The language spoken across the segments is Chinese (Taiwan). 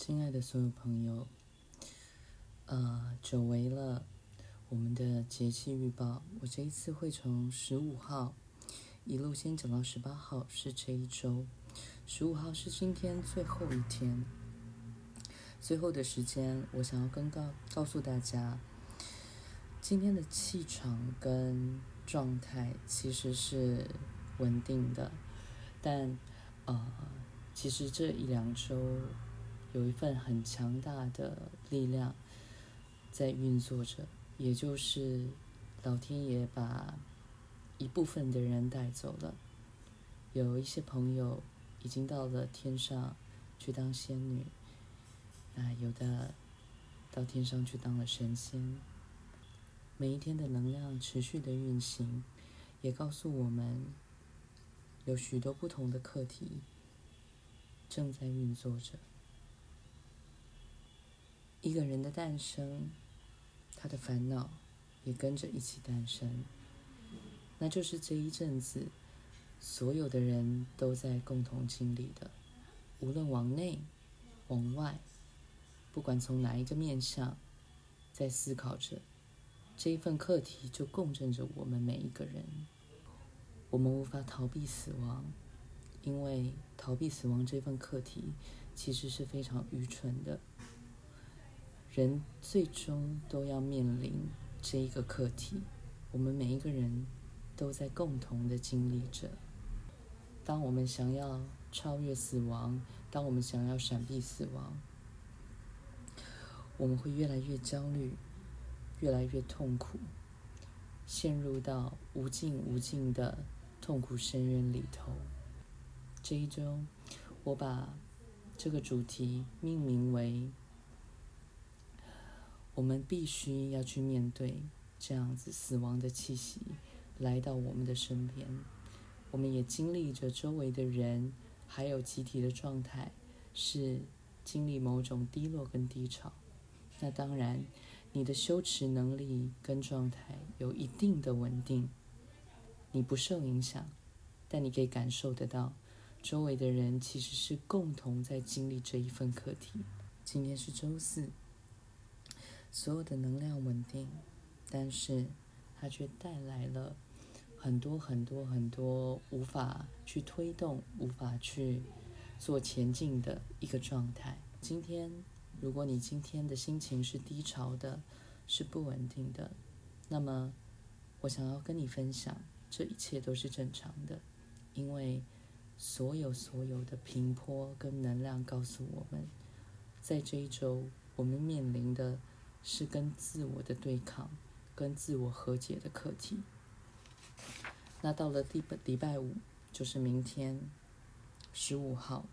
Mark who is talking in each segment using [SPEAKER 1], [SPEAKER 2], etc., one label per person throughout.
[SPEAKER 1] 親愛的所有朋友，呃，久違了。我們的節氣預報，我這一次會從十五號一路先講到十八號，是這一周。十五號是今天最後一天，最後的時間，我想要跟告告訴大家，今天的氣場跟狀態其實是穩定的，但呃，其實這一兩周。有一份很強大的力量在運作着，也就是老天爺把一部分的人帶走了。有一些朋友已經到了天上去當仙女，啊，有的到天上去當了神仙。每一天的能量持續的運行，也告訴我們有許多不同的課題正在運作着一個人的誕生，他的煩惱也跟着一起誕生。那就是這一陣子，所有的人都在共同經歷的。無論往內、往外，不管從哪一個面向，在思考着這一份課題，就共振着我們每一個人。我們無法逃避死亡，因為逃避死亡這份課題，其實是非常愚蠢的。人最終都要面臨這一個課題，我們每一個人都在共同的經歷着。當我們想要超越死亡，當我們想要閃避死亡，我們會越來越焦慮，越來越痛苦，陷入到無盡無盡的痛苦深淵裡頭。這一周，我把這個主題命名為。我們必須要去面對這樣子死亡的氣息來到我們的身邊，我們也經歷着周圍的人還有集體的狀態是經歷某種低落跟低潮。那當然，你的修持能力跟狀態有一定的穩定，你不受影響，但你可以感受得到周圍的人其實是共同在經歷這一份課題。今天是周四。所有的能量穩定，但是它卻帶來了很多很多很多無法去推動、無法去做前進的一個狀態。今天，如果你今天的心情是低潮的、是不穩定的，那麼我想要跟你分享，這一切都是正常的，因為所有所有的頻波跟能量告訴我們，在這一周我們面臨的。是跟自我的對抗，跟自我和解的課題。那到了第禮拜五，就是明天十五號。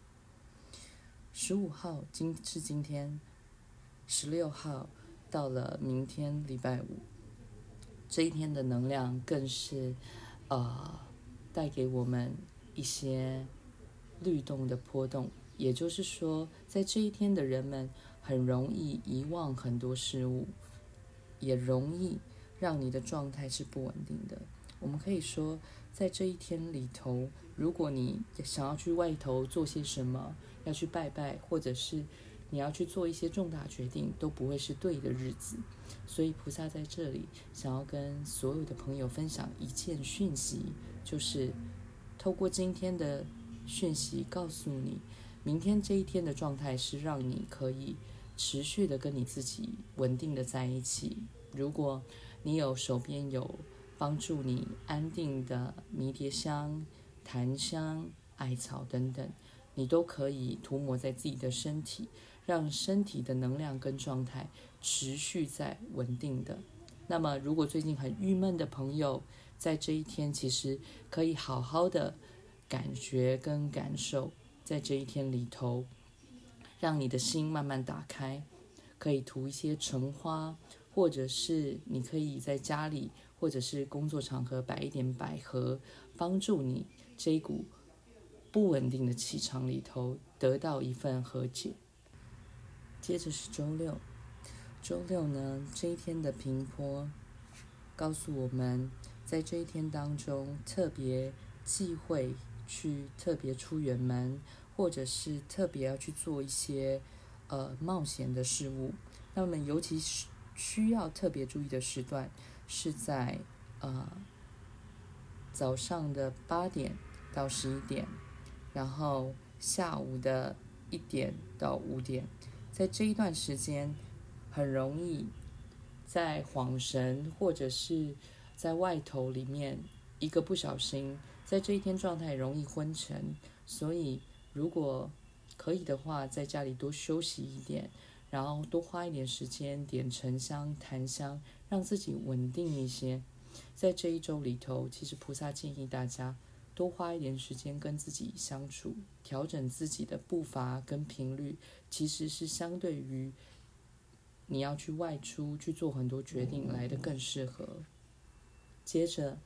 [SPEAKER 1] 十五號今是今天，十六號到了明天禮拜五，這一天的能量更是，呃，帶給我們一些律動的波動。也就是說，在這一天的人們很容易遺忘很多事物，也容易讓你的狀態是不穩定的。我們可以說，在這一天裡頭，如果你想要去外頭做些什麼，要去拜拜，或者是你要去做一些重大決定，都不會是對的日子。所以，菩薩在這裡想要跟所有的朋友分享一件訊息，就是透過今天的訊息告訴你，明天這一天的狀態是讓你可以持續的跟你自己穩定的在一起。如果你有手邊有幫助你安定的迷迭香、檀香、艾草等等，你都可以塗抹在自己的身體，讓身體的能量跟狀態持續在穩定的。那麼，如果最近很鬱悶的朋友，在這一天其實可以好好的感覺跟感受。在這一天裡頭，讓你的心慢慢打開，可以塗一些橙花，或者是你可以在家裡或者是工作場合擺一點百合，幫助你這一股不穩定的氣場裡頭得到一份和解。接着是周六，周六呢，這一天的平坡，告訴我們在這一天當中特別忌諱。去特別出遠門，或者是特別要去做一些呃冒險的事物，那麼尤其是需要特別注意的時段是在呃早上的八點到十一點，然後下午的一點到五點，在這一段時間很容易在恍神或者是在外頭裡面。一個不小心，在這一天狀態容易昏沉，所以如果可以的話，在家裡多休息一點，然後多花一點時間點沉香、檀香，讓自己穩定一些。在這一周裡頭，其實菩薩建議大家多花一點時間跟自己相處，調整自己的步伐跟頻率，其實是相對於你要去外出去做很多決定來得更適合。接着。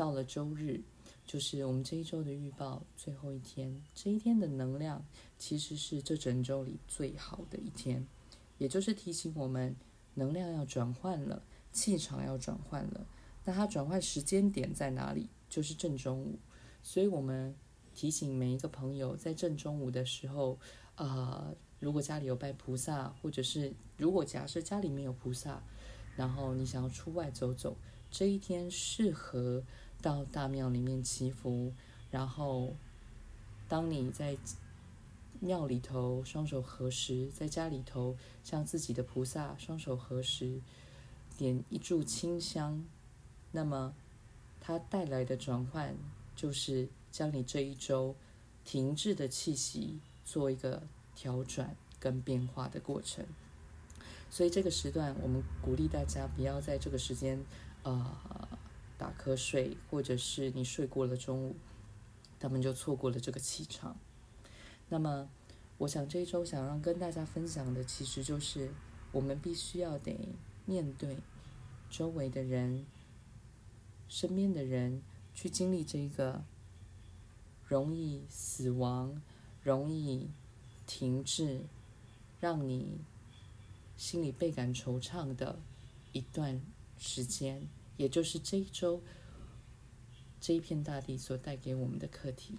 [SPEAKER 1] 到了週日，就是我們這一周的預報最後一天。這一天的能量其實是這整周裡最好的一天，也就是提醒我們能量要轉換了，氣場要轉換了。那它轉換時間點在哪裡？就是正中午。所以我們提醒每一個朋友，在正中午的時候，啊、呃，如果家裡有拜菩薩，或者是如果假設家裡面有菩薩，然後你想要出外走走，這一天適合。到大廟裡面祈福，然後當你在廟裡頭雙手合十，在家裡頭向自己的菩薩雙手合十，點一炷清香，那麼它帶來的轉換，就是將你這一周停滯的氣息做一個調轉跟變化的過程。所以這個時段，我們鼓勵大家不要在這個時間，呃。打瞌睡，或者是你睡過了中午，他們就錯過了這個氣場。那麼，我想這一周想要跟大家分享的，其實就是我們必須要得面對周圍的人、身邊的人，去經歷這個容易死亡、容易停滯，讓你心裡倍感惆悵的一段時間。也就是這一周，這一片大地所帶給我們的課題。